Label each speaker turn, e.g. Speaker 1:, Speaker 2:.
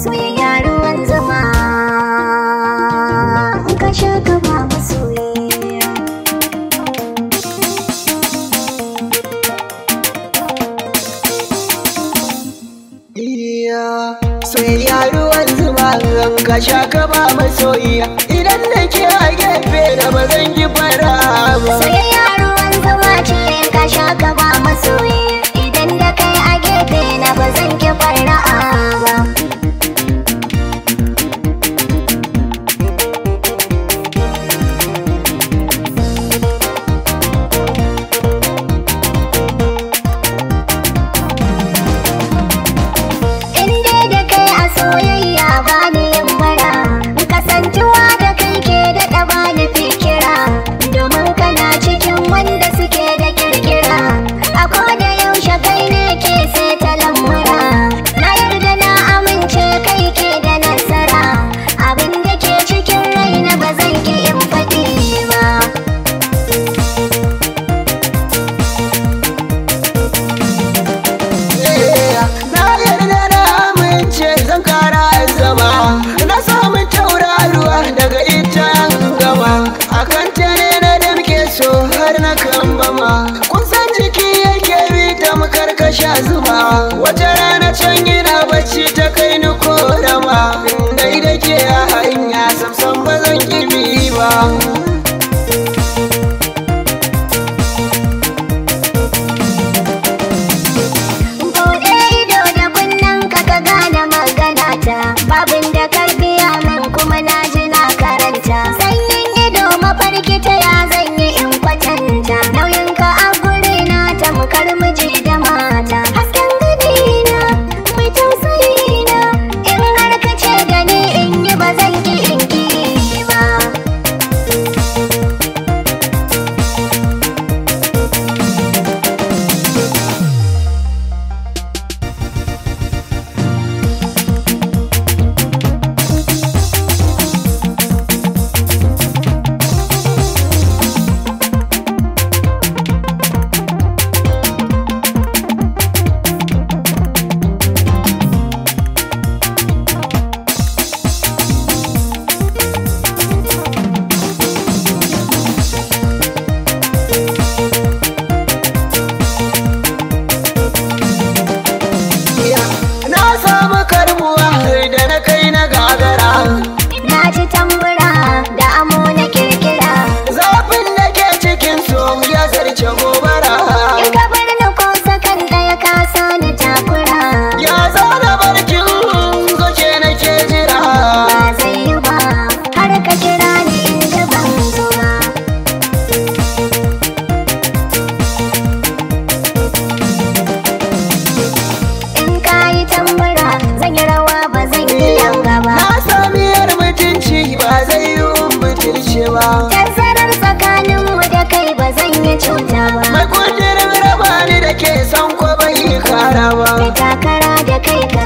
Speaker 1: soyayya ruwan zuma in ka sha gaba masoyayya
Speaker 2: soyayya ruwan zuma in ka sha gaba masoyiya idan na ke a gefe na ba zan ki fara ba soyayya ruwan zuma ce in ka sha
Speaker 1: gaba masoyiya
Speaker 2: sha zuba wata rana can gina bacci ta kai ni korama dai da ke a hanya samsan ba zan kibi ba
Speaker 1: babin da karfi min kuma na ji na karanta sanyin ido mafarki ya zanyi in kwatanta nauyin ka a guri na tamkar miji
Speaker 2: to ya zarce gobe kai